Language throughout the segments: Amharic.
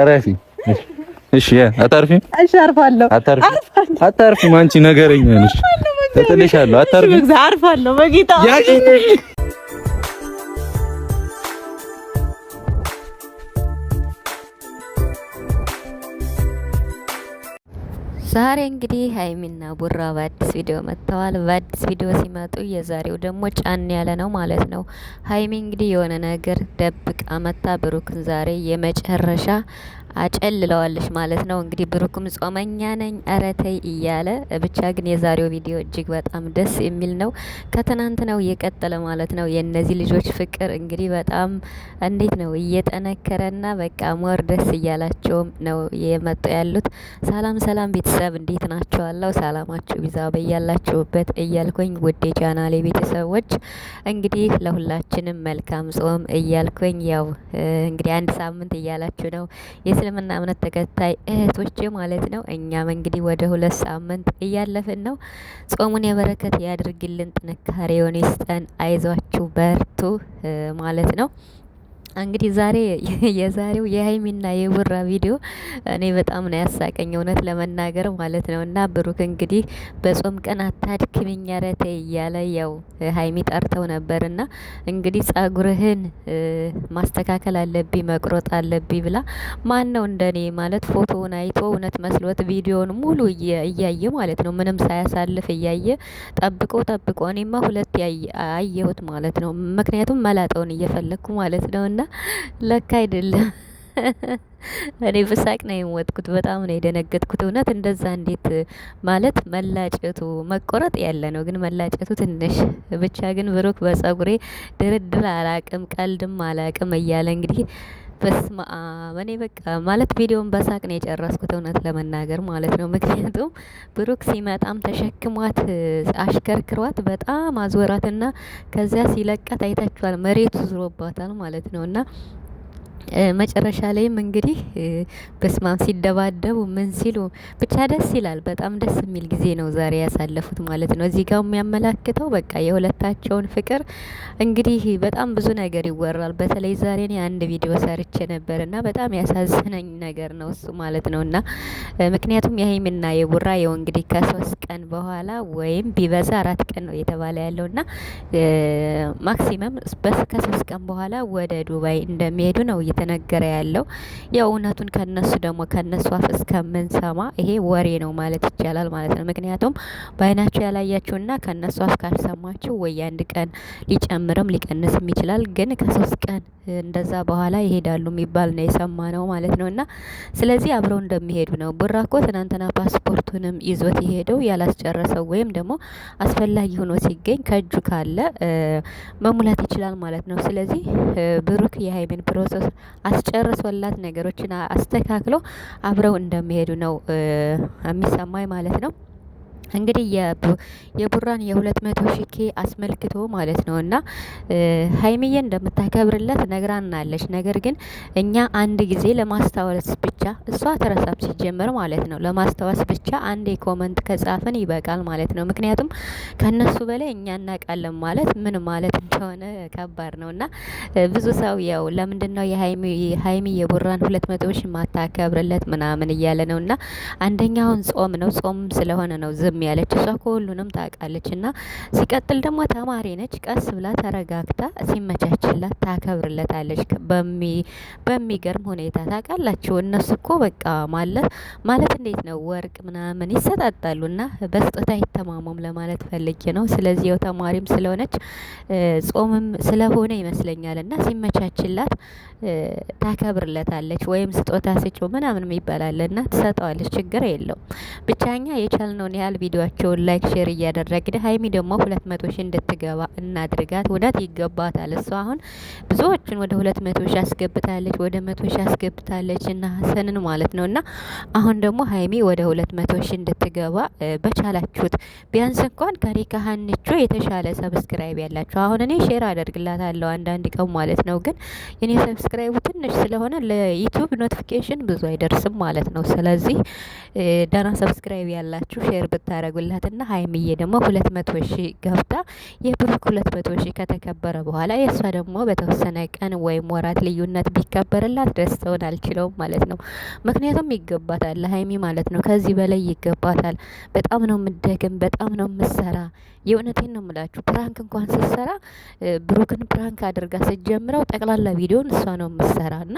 አረፊ እሺ፣ አታርፊም? እሺ፣ አርፋለሁ። አታርፊም? አንቺ ነገረኛ ነሽ። ተጥልሻለሁ። አታርፊም? አርፋለሁ በጌታ ዛሬ እንግዲህ ሀይሚና ቡራ በአዲስ ቪዲዮ መጥተዋል። በአዲስ ቪዲዮ ሲመጡ የዛሬው ደግሞ ጫን ያለ ነው ማለት ነው። ሀይሚ እንግዲህ የሆነ ነገር ደብቃ መታ ብሩክን ዛሬ የመጨረሻ አጨልለዋለች ማለት ነው። እንግዲህ ብሩክም ጾመኛ ነኝ አረተይ እያለ ብቻ ግን የዛሬው ቪዲዮ እጅግ በጣም ደስ የሚል ነው። ነው የቀጠለ ማለት ነው። የእነዚህ ልጆች ፍቅር እንግዲህ በጣም እንዴት ነው እየጠነከረና በቃ ሞር ደስ እያላቸውም ነው የመጡ ያሉት። ሰላም ሰላም ቤተሰብ እንዴት ናቸዋለሁ? ሰላማችሁ ይብዛ በያላችሁበት እያልኩኝ ውዴ ቻናሌ ቤተሰቦች እንግዲህ ለሁላችንም መልካም ጾም እያልኩኝ ያው እንግዲህ አንድ ሳምንት እያላችሁ ነው የእስልምና እምነት ተከታይ እህቶቼ ማለት ነው። እኛም እንግዲህ ወደ ሁለት ሳምንት እያለፍን ነው። ጾሙን የበረከት ያድርግልን፣ ጥንካሬውን ይስጠን። አይዟችሁ በርቱ ማለት ነው። እንግዲህ ዛሬ የዛሬው የሀይሚና የቡራ ቪዲዮ እኔ በጣም ነው ያሳቀኝ፣ እውነት ለመናገር ማለት ነው። እና ብሩክ እንግዲህ በጾም ቀን አታድክምኝ ኧረ ተይ እያለ ያው ሀይሚ ጠርተው ነበር። እና እንግዲህ ጸጉርህን ማስተካከል አለብኝ መቁረጥ አለብኝ ብላ ማን ነው እንደኔ ማለት ፎቶውን አይቶ እውነት መስሎት ቪዲዮን ሙሉ እያየ ማለት ነው፣ ምንም ሳያሳልፍ እያየ ጠብቆ ጠብቆ እኔማ ሁለት አየሁት ማለት ነው። ምክንያቱም መላጠውን እየፈለግኩ ማለት ነው እና ለካ አይደለም። እኔ በሳቅ ነው የሞትኩት። በጣም ነው የደነገጥኩት። እውነት እንደዛ እንዴት ማለት መላጨቱ መቆረጥ ያለ ነው፣ ግን መላጨቱ ትንሽ ብቻ። ግን ብሩክ በጸጉሬ ድርድር አላቅም ቀልድም አላቅም እያለ እንግዲህ በስመ አብ እኔ በቃ ማለት ቪዲዮን በሳቅ ነው የጨረስኩት፣ እውነት ለመናገር ማለት ነው። ምክንያቱም ብሩክ ሲመጣም ተሸክሟት አሽከርክሯት በጣም አዝወራትና ከዚያ ሲለቃት አይታችኋል። መሬቱ ዝሮባታል ማለት ነው እና መጨረሻ ላይም እንግዲህ በስማም ሲደባደቡ ምን ሲሉ ብቻ ደስ ይላል። በጣም ደስ የሚል ጊዜ ነው ዛሬ ያሳለፉት ማለት ነው። እዚህ ጋር የሚያመላክተው በቃ የሁለታቸውን ፍቅር እንግዲህ በጣም ብዙ ነገር ይወራል። በተለይ ዛሬ እኔ አንድ ቪዲዮ ሰርቼ ነበር እና በጣም ያሳዝነኝ ነገር ነው እሱ ማለት ነው እና ምክንያቱም የሀይሚና የቡራ የው እንግዲህ ከሶስት ቀን በኋላ ወይም ቢበዛ አራት ቀን ነው እየተባለ ያለው እና ማክሲመም ከሶስት ቀን በኋላ ወደ ዱባይ እንደሚሄዱ ነው እየተነገረ ያለው። ያው እውነቱን ከነሱ ደግሞ ከነሱ አፍ እስከምንሰማ ይሄ ወሬ ነው ማለት ይቻላል ማለት ነው። ምክንያቱም በአይናቸው ያላያችሁና ከነሱ አፍ ካልሰማችሁ ወይ አንድ ቀን ሊጨምርም ሊቀንስም ይችላል። ግን ከሶስት ቀን እንደዛ በኋላ ይሄዳሉ የሚባል ነው የሰማ ነው ማለት ነው። እና ስለዚህ አብረው እንደሚሄዱ ነው። ቡራ ትናንትና ፓስፖርቱንም ይዞት የሄደው ያላስጨረሰው ወይም ደግሞ አስፈላጊ ሆኖ ሲገኝ ከእጁ ካለ መሙላት ይችላል ማለት ነው። ስለዚህ ብሩክ የሀይሜን ፕሮሰስ አስጨርሶላት ነገሮችን አስተካክሎ አብረው እንደሚሄዱ ነው የሚሰማኝ ማለት ነው። እንግዲህ የቡራን የሁለት መቶ ሺኬ ኬ አስመልክቶ ማለት ነው እና ሀይሚዬ እንደምታከብርለት ነግራናለች። ነገር ግን እኛ አንድ ጊዜ ለማስታወስ ብቻ እሷ ተረሳም ሲጀመር ማለት ነው ለማስታወስ ብቻ አንድ የኮመንት ከጻፍን ይበቃል ማለት ነው። ምክንያቱም ከነሱ በላይ እኛ እናውቃለን ማለት ምን ማለት እንደሆነ ከባድ ነው እና ብዙ ሰው ያው ለምንድን ነው የሀይሚ የቡራን ሁለት መቶ ሺህ ማታከብርለት ምናምን እያለ ነው እና አንደኛውን ጾም ነው ጾም ስለሆነ ነው ዝም ያለች እሷ ከሁሉንም ታውቃለች። እና ሲቀጥል ደግሞ ተማሪ ነች። ቀስ ብላ ተረጋግታ ሲመቻችላት ታከብርለታለች በሚገርም ሁኔታ ታውቃላችሁ። እነሱ እኮ በቃ ማለት ማለት እንዴት ነው ወርቅ ምናምን ይሰጣጣሉ እና በስጦታ አይተማሙም ለማለት ፈልጌ ነው። ስለዚህ ያው ተማሪም ስለሆነች ጾምም ስለሆነ ይመስለኛል እና ሲመቻችላት ታከብርለታለች ወይም ስጦታ ስጭው ምናምን ይባላል እና ትሰጠዋለች። ችግር የለውም ብቻኛ የቻልነውን ያህል ቪዲዮቸውን ላይክ፣ ሼር እያደረግን ሀይሚ ደግሞ ሁለት መቶ ሺ እንድትገባ እናድርጋት። እውነት ይገባታል። እሷ አሁን ብዙዎችን ወደ ሁለት መቶ ሺ አስገብታለች፣ ወደ መቶ ሺ አስገብታለች እና ሀሰንን ማለት ነው እና አሁን ደግሞ ሀይሚ ወደ ሁለት መቶ ሺ እንድትገባ በቻላችሁት ቢያንስ እንኳን ከሪካ ሀንቾ የተሻለ ሰብስክራይብ ያላችሁ አሁን እኔ ሼር አደርግላታለሁ አንዳንድ ቀን ማለት ነው። ግን የኔ ሰብስክራይቡ ትንሽ ስለሆነ ለዩቲዩብ ኖቲፊኬሽን ብዙ አይደርስም ማለት ነው። ስለዚህ ደህና ሰብስክራይብ ያላችሁ ሼር ብታ ታደረጉላትና ሀይሚዬ ደግሞ ሁለት መቶ ሺ ገብታ የብሩክ ሁለት መቶ ሺ ከተከበረ በኋላ የእሷ ደግሞ በተወሰነ ቀን ወይም ወራት ልዩነት ቢከበርላት ደስተውን አልችለውም ማለት ነው። ምክንያቱም ይገባታል ለሀይሚ ማለት ነው። ከዚህ በላይ ይገባታል። በጣም ነው የምደግም፣ በጣም ነው የምሰራ። የእውነቴን ነው የምላችሁ። ፕራንክ እንኳን ስትሰራ ብሩክን ፕራንክ አድርጋ ስትጀምረው ጠቅላላ ቪዲዮን እሷ ነው የምሰራ እና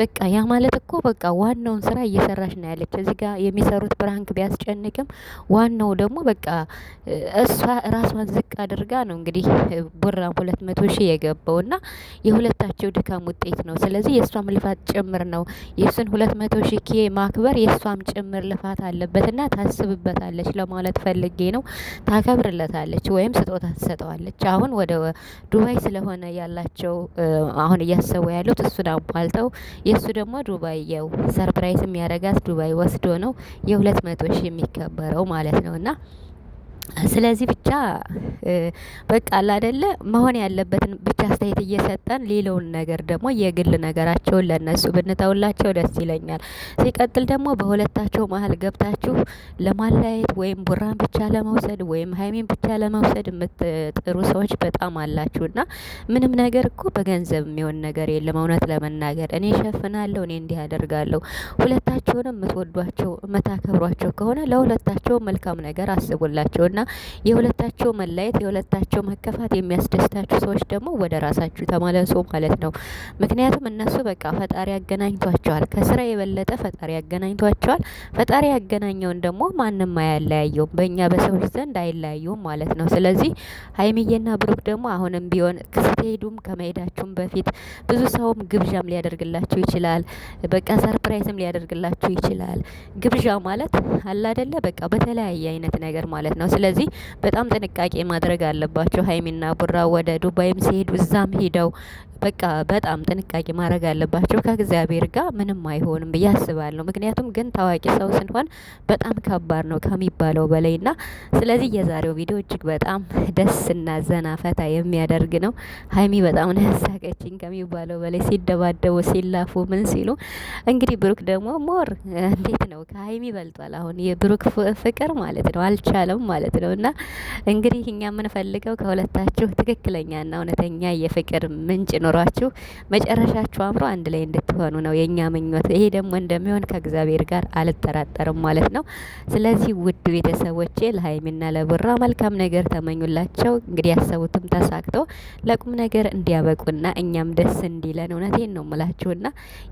በቃ ያ ማለት እኮ በቃ ዋናውን ስራ እየሰራች ነው ያለች። እዚህ ጋር የሚሰሩት ፕራንክ ቢያስጨንቅም ዋናው ደግሞ በቃ እሷ ራሷን ዝቅ አድርጋ ነው እንግዲህ ቡራም ሁለት መቶ ሺህ የገባው እና የሁለታቸው ድካም ውጤት ነው። ስለዚህ የእሷም ልፋት ጭምር ነው። የእሱን ሁለት መቶ ሺህ ኪ ማክበር የእሷም ጭምር ልፋት አለበትና ታስብበታለች ለማለት ፈልጌ ነው። ታከብርለታለች ወይም ስጦታ ትሰጠዋለች። አሁን ወደ ዱባይ ስለሆነ ያላቸው አሁን እያሰቡ ያሉት እሱን አቧልተው የእሱ ደግሞ ዱባይ የው ሰርፕራይዝ የሚያደርጋት ዱባይ ወስዶ ነው የሁለት መቶ ሺህ የሚከበረው ማለት 말해서 그러나 ስለዚህ ብቻ በቃ አላደለ መሆን ያለበትን ብቻ አስተያየት እየሰጠን ሌላውን ነገር ደግሞ የግል ነገራቸውን ለነሱ ብንተውላቸው ደስ ይለኛል። ሲቀጥል ደግሞ በሁለታቸው መሀል ገብታችሁ ለማለያየት ወይም ቡራን ብቻ ለመውሰድ ወይም ሀይሜን ብቻ ለመውሰድ የምትጥሩ ሰዎች በጣም አላችሁና ምንም ነገር እኮ በገንዘብ የሚሆን ነገር የለም። እውነት ለመናገር እኔ ሸፍናለሁ፣ እኔ እንዲህ አደርጋለሁ። ሁለታቸውንም የምትወዷቸው የምታከብሯቸው ከሆነ ለሁለታቸው መልካም ነገር አስቡላቸውና እና የሁለታቸው መለየት የሁለታቸው መከፋት የሚያስደስታችሁ ሰዎች ደግሞ ወደ ራሳችሁ ተመለሱ ማለት ነው። ምክንያቱም እነሱ በቃ ፈጣሪ ያገናኝቷቸዋል። ከስራ የበለጠ ፈጣሪ ያገናኝቷቸዋል። ፈጣሪ ያገናኘውን ደግሞ ማንም አያለያየውም፣ በእኛ በሰዎች ዘንድ አይለያየውም ማለት ነው። ስለዚህ ሀይሚዬና ብሩክ ደግሞ አሁንም ቢሆን ስትሄዱም ከመሄዳችሁም በፊት ብዙ ሰውም ግብዣም ሊያደርግላችሁ ይችላል። በቃ ሰርፕራይዝም ሊያደርግላችሁ ይችላል። ግብዣ ማለት አላደለ በቃ በተለያየ አይነት ነገር ማለት ነው። ስለዚህ በጣም ጥንቃቄ ማድረግ አለባቸው። ሀይሚና ቡራ ወደ ዱባይም ሲሄዱ እዛም ሂደው በቃ በጣም ጥንቃቄ ማድረግ አለባቸው። ከእግዚአብሔር ጋር ምንም አይሆንም ብዬ አስባለሁ። ምክንያቱም ግን ታዋቂ ሰው ስንሆን በጣም ከባድ ነው ከሚባለው በላይ ና ስለዚህ የዛሬው ቪዲዮ እጅግ በጣም ደስና ዘና ፈታ የሚያደርግ ነው። ሀይሚ በጣም ነው ያሳቀችኝ ከሚባለው በላይ ሲደባደቡ፣ ሲላፉ ምን ሲሉ እንግዲህ ብሩክ ደግሞ ሞር እንዴት ነው ከሀይሚ በልጧል። አሁን የብሩክ ፍቅር ማለት ነው አልቻለም ማለት ነው። እና እንግዲህ እኛ የምንፈልገው ከሁለታችሁ ትክክለኛና እውነተኛ የፍቅር ምንጭ ነው ኖሯችሁ መጨረሻችሁ አምሮ አንድ ላይ እንድትሆኑ ነው የእኛ ምኞት። ይሄ ደግሞ እንደሚሆን ከእግዚአብሔር ጋር አልጠራጠርም ማለት ነው። ስለዚህ ውድ ቤተሰቦቼ ለሀይሚና ለቡራ መልካም ነገር ተመኙላቸው። እንግዲህ ያሰቡትም ተሳክቶ ለቁም ነገር እንዲያበቁና እኛም ደስ እንዲለን እውነቴን ነው ምላችሁና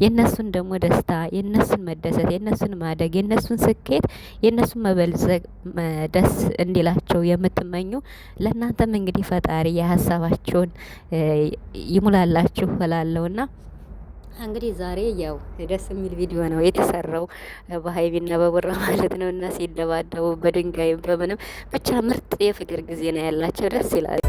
የእነሱን ደግሞ ደስታ የእነሱን መደሰት የእነሱን ማደግ የእነሱን ስኬት የእነሱን መበልጸግ ደስ እንዲላቸው የምትመኙ ለእናንተም እንግዲህ ፈጣሪ የሀሳባቸውን ይሙላል። ትችላላችሁ እላለሁና እንግዲህ ዛሬ ያው ደስ የሚል ቪዲዮ ነው የተሰራው በሀይቢና በቡራ ማለት ነው። እና ሲደባደቡ በድንጋይ በምንም ብቻ ምርጥ የፍቅር ጊዜ ነው ያላቸው። ደስ ይላል።